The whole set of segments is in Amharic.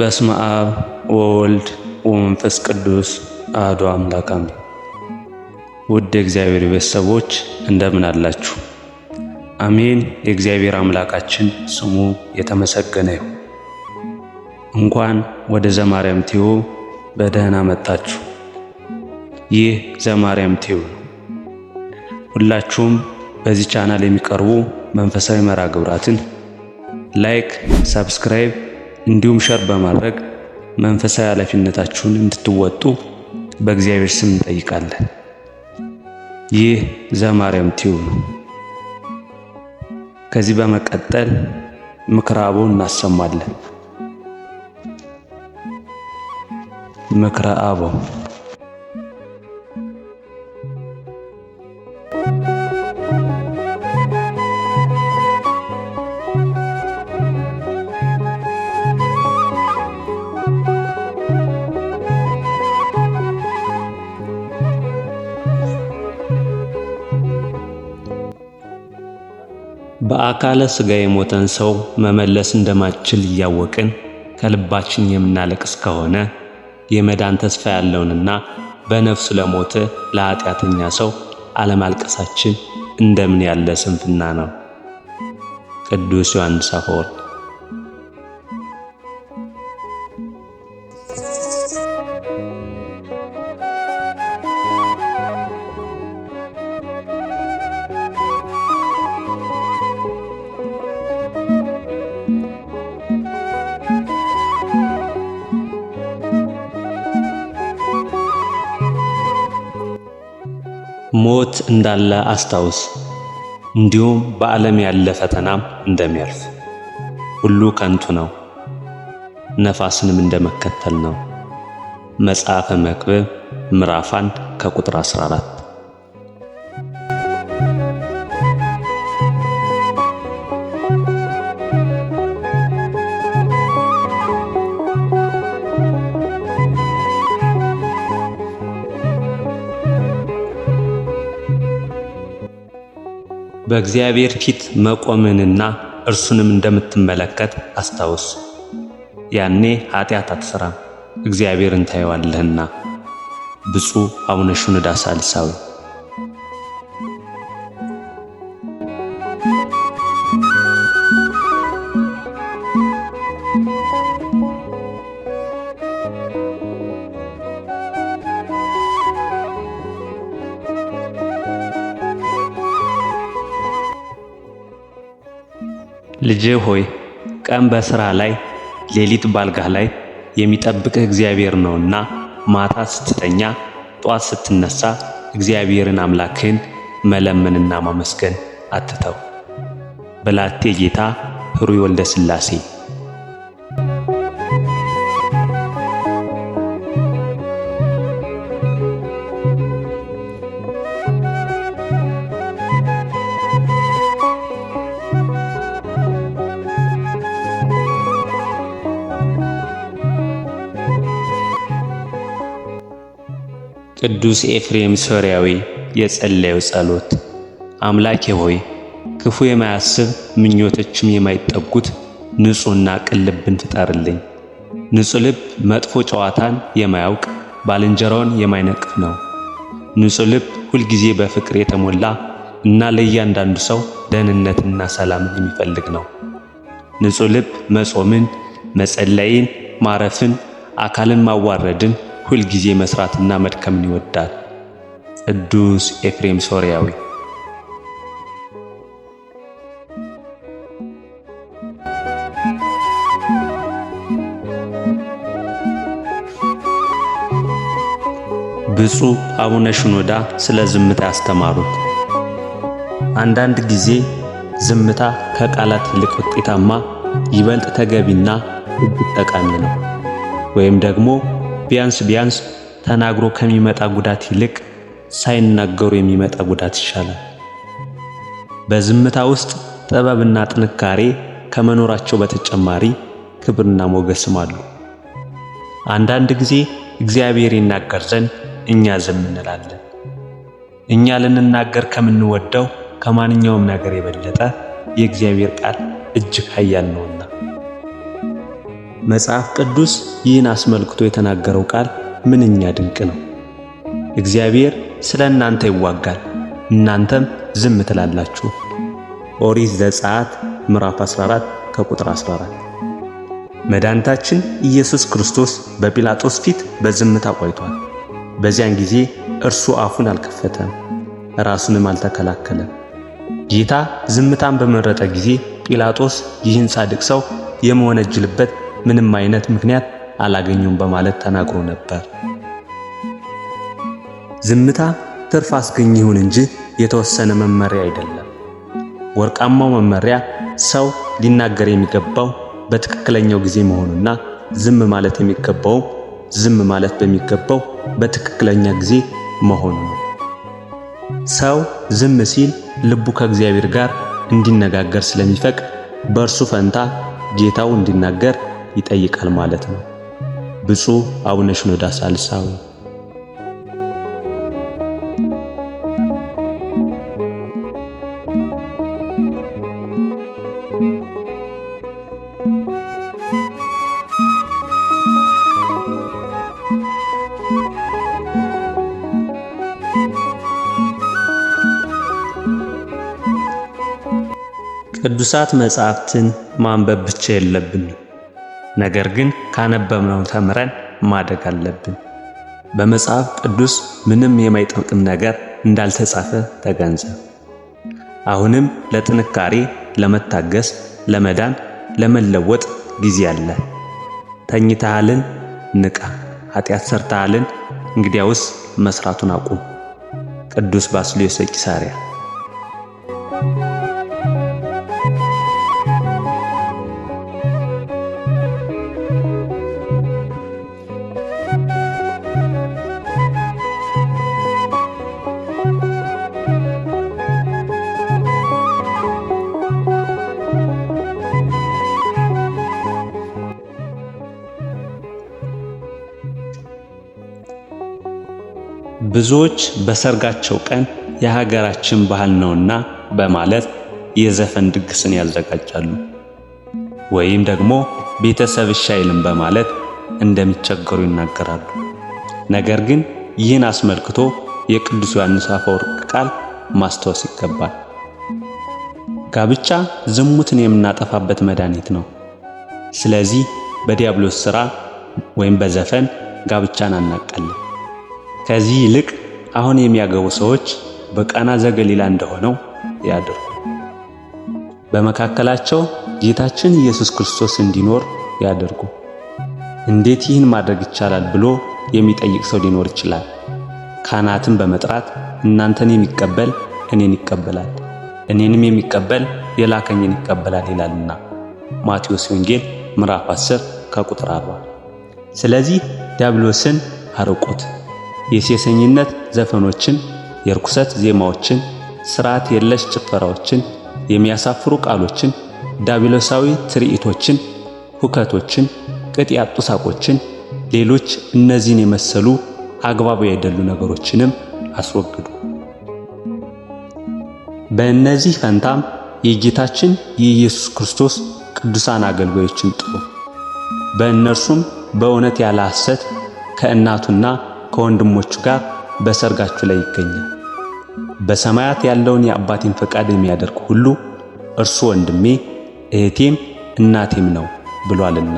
በስመ አብ ወወልድ ወመንፈስ ቅዱስ አሐዱ አምላክ አሜን። ውድ የእግዚአብሔር ቤተሰቦች እንደምን አላችሁ? አሜን። የእግዚአብሔር አምላካችን ስሙ የተመሰገነ ይሁን። እንኳን ወደ ዘማርያም ቲዩብ በደህና መጣችሁ። ይህ ዘማርያም ቲዩብ ነው። ሁላችሁም በዚህ ቻናል የሚቀርቡ መንፈሳዊ መርሃ ግብራትን ላይክ፣ ሰብስክራይብ እንዲሁም ሸር በማድረግ መንፈሳዊ ኃላፊነታችሁን እንድትወጡ በእግዚአብሔር ስም እንጠይቃለን። ይህ ዘማርያም ቲዩብ ነው። ከዚህ በመቀጠል ምክራቦ እናሰማለን። ምክረ አበው በአካለ ሥጋ የሞተን ሰው መመለስ እንደማችል እያወቅን ከልባችን የምናለቅስ ከሆነ የመዳን ተስፋ ያለውንና በነፍሱ ለሞተ ለኃጢአተኛ ሰው አለማልቀሳችን እንደምን ያለ ስንፍና ነው! ቅዱስ ዮሐንስ አፈወርቅ ሞት እንዳለ አስታውስ፣ እንዲሁም በዓለም ያለ ፈተናም እንደሚያልፍ። ሁሉ ከንቱ ነው፣ ነፋስንም እንደመከተል ነው። መጽሐፈ መክብብ ምዕራፍ ከቁጥር 14 በእግዚአብሔር ፊት መቆምንና እርሱንም እንደምትመለከት አስታውስ። ያኔ ኃጢአት አትሠራም፣ እግዚአብሔርን ታየዋለህና። ብፁዕ አቡነ ሹንዳ ሳልሳዊ ልጄ ሆይ ቀን በሥራ ላይ ሌሊት ባልጋህ ላይ የሚጠብቅህ እግዚአብሔር ነውና ማታ ስትተኛ ጧት ስትነሳ እግዚአብሔርን አምላክህን መለመንና ማመስገን አትተው። በላቴ ጌታ ሕሩይ ወልደ ሥላሴ ቅዱስ ኤፍሬም ሶርያዊ የጸለየው ጸሎት። አምላኬ ሆይ ክፉ የማያስብ ምኞቶችም የማይጠጉት ንጹህና ቅን ልብን ፍጠርልኝ። ንጹሕ ልብ መጥፎ ጨዋታን የማያውቅ ባልንጀራውን የማይነቅፍ ነው። ንጹህ ልብ ሁልጊዜ በፍቅር የተሞላ እና ለእያንዳንዱ ሰው ደህንነትና ሰላምን የሚፈልግ ነው። ንጹህ ልብ መጾምን፣ መጸለይን፣ ማረፍን፣ አካልን ማዋረድን ሁልጊዜ መስራትና መድከምን ይወዳል። ቅዱስ ኤፍሬም ሶርያዊ ብፁዕ አቡነ ሽኖዳ ስለ ዝምታ ያስተማሩት። አንዳንድ ጊዜ ዝምታ ከቃላት ይልቅ ውጤታማ፣ ይበልጥ ተገቢና እጅግ ጠቃሚ ነው። ወይም ደግሞ ቢያንስ ቢያንስ ተናግሮ ከሚመጣ ጉዳት ይልቅ ሳይናገሩ የሚመጣ ጉዳት ይሻላል። በዝምታ ውስጥ ጥበብና ጥንካሬ ከመኖራቸው በተጨማሪ ክብርና ሞገስም አሉ። አንዳንድ ጊዜ እግዚአብሔር ይናገር ዘንድ እኛ ዝም እንላለን። እኛ ልንናገር ከምንወደው ከማንኛውም ነገር የበለጠ የእግዚአብሔር ቃል እጅግ ኃያል ነውና መጽሐፍ ቅዱስ ይህን አስመልክቶ የተናገረው ቃል ምንኛ ድንቅ ነው! እግዚአብሔር ስለ እናንተ ይዋጋል፣ እናንተም ዝም ትላላችሁ። ኦሪት ዘጸአት ምዕራፍ 14 ከቁጥር 14። መድኃኒታችን ኢየሱስ ክርስቶስ በጲላጦስ ፊት በዝምታ ቆይቷል። በዚያን ጊዜ እርሱ አፉን አልከፈተም፣ ራሱንም አልተከላከለም። ጌታ ዝምታን በመረጠ ጊዜ ጲላጦስ ይህን ጻድቅ ሰው የመወነጅልበት ምንም አይነት ምክንያት አላገኙም በማለት ተናግሮ ነበር። ዝምታ ትርፍ አስገኝ ይሁን እንጂ የተወሰነ መመሪያ አይደለም። ወርቃማው መመሪያ ሰው ሊናገር የሚገባው በትክክለኛው ጊዜ መሆኑና ዝም ማለት የሚገባውም ዝም ማለት በሚገባው በትክክለኛ ጊዜ መሆኑ ነው። ሰው ዝም ሲል ልቡ ከእግዚአብሔር ጋር እንዲነጋገር ስለሚፈቅድ በእርሱ ፈንታ ጌታው እንዲናገር ይጠይቃል ማለት ነው። ብፁዕ አቡነ ሽኖዳ ሳልሳዊ ቅዱሳት መጻሕፍትን ማንበብ ብቻ የለብንም። ነገር ግን ካነበብነው ተምረን ማደግ አለብን። በመጽሐፍ ቅዱስ ምንም የማይጠቅም ነገር እንዳልተጻፈ ተገንዘብ። አሁንም ለጥንካሬ፣ ለመታገስ፣ ለመዳን፣ ለመለወጥ ጊዜ አለ። ተኝተሃልን? ንቃ። ኃጢአት ሰርተሃልን? እንግዲያውስ መስራቱን አቁም። ቅዱስ ባስልዮስ ዘቂሳርያ ብዙዎች በሰርጋቸው ቀን የሀገራችን ባህል ነውና በማለት የዘፈን ድግስን ያዘጋጃሉ። ወይም ደግሞ ቤተሰብ አይልም በማለት እንደሚቸገሩ ይናገራሉ። ነገር ግን ይህን አስመልክቶ የቅዱስ ዮሐንስ አፈወርቅ ቃል ማስታወስ ይገባል። ጋብቻ ዝሙትን የምናጠፋበት መድኃኒት ነው። ስለዚህ በዲያብሎስ ሥራ ወይም በዘፈን ጋብቻን አናቃለን። ከዚህ ይልቅ አሁን የሚያገቡ ሰዎች በቃና ዘገሊላ እንደሆነው ያድርጉ። በመካከላቸው ጌታችን ኢየሱስ ክርስቶስ እንዲኖር ያደርጉ። እንዴት ይህን ማድረግ ይቻላል ብሎ የሚጠይቅ ሰው ሊኖር ይችላል። ካህናትን በመጥራት እናንተን የሚቀበል እኔን ይቀበላል፣ እኔንም የሚቀበል የላከኝን ይቀበላል ይላልና ማቴዎስ ወንጌል ምዕራፍ 10 ከቁጥር 40። ስለዚህ ዲያብሎስን አርቁት። የሴሰኝነት ዘፈኖችን፣ የርኩሰት ዜማዎችን፣ ስርዓት የለሽ ጭፈራዎችን፣ የሚያሳፍሩ ቃሎችን፣ ዳቢሎሳዊ ትርኢቶችን፣ ሁከቶችን፣ ቅጥ ያጡ ሳቆችን፣ ሌሎች እነዚህን የመሰሉ አግባብ ያይደሉ ነገሮችንም አስወግዱ። በእነዚህ ፈንታም የጌታችን የኢየሱስ ክርስቶስ ቅዱሳን አገልጋዮችን ጥሩ። በእነርሱም በእውነት ያለ ሐሰት ከእናቱና ከወንድሞቹ ጋር በሰርጋችሁ ላይ ይገኛል። በሰማያት ያለውን የአባቴን ፈቃድ የሚያደርግ ሁሉ እርሱ ወንድሜ እህቴም እናቴም ነው ብሏልና።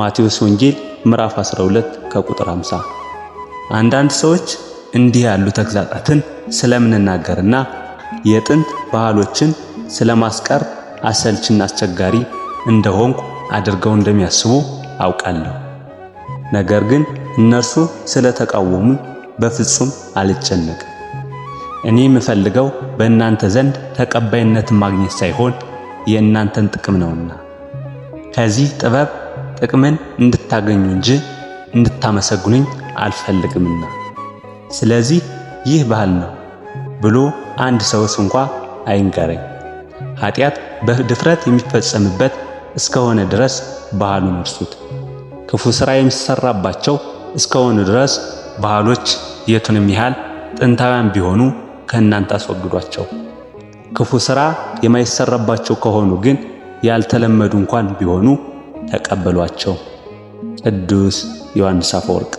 ማቴዎስ ወንጌል ምዕራፍ 12 ከቁጥር 50። አንዳንድ ሰዎች እንዲህ ያሉ ተግዛጣትን ስለምንናገርና የጥንት ባህሎችን ስለማስቀር አሰልችና አስቸጋሪ እንደሆንኩ አድርገው እንደሚያስቡ አውቃለሁ። ነገር ግን እነርሱ ስለተቃወሙኝ በፍጹም አልጨነቅም። እኔ የምፈልገው በእናንተ ዘንድ ተቀባይነትን ማግኘት ሳይሆን የእናንተን ጥቅም ነውና ከዚህ ጥበብ ጥቅምን እንድታገኙ እንጂ እንድታመሰግኑኝ አልፈልግምና ስለዚህ ይህ ባህል ነው ብሎ አንድ ሰውስ እንኳ አይንገረኝ። ኃጢአት በድፍረት የሚፈጸምበት እስከሆነ ድረስ ባህሉን እርሱት። ክፉ ሥራ የሚሰራባቸው እስከሆኑ ድረስ ባህሎች የቱንም ያህል ጥንታውያን ቢሆኑ ከእናንተ አስወግዷቸው። ክፉ ሥራ የማይሰራባቸው ከሆኑ ግን ያልተለመዱ እንኳን ቢሆኑ ተቀበሏቸው። ቅዱስ ዮሐንስ አፈወርቅ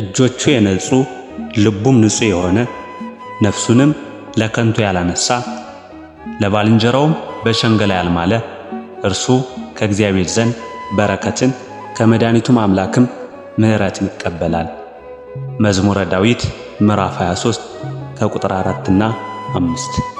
እጆቹ የነጹ ልቡም ንጹህ የሆነ ነፍሱንም ለከንቱ ያላነሳ ለባልንጀራውም በሸንገላ ያልማለ እርሱ ከእግዚአብሔር ዘንድ በረከትን ከመድኃኒቱም አምላክም ምሕረትን ይቀበላል። መዝሙረ ዳዊት ምዕራፍ 23 ከቁጥር 4 እና 5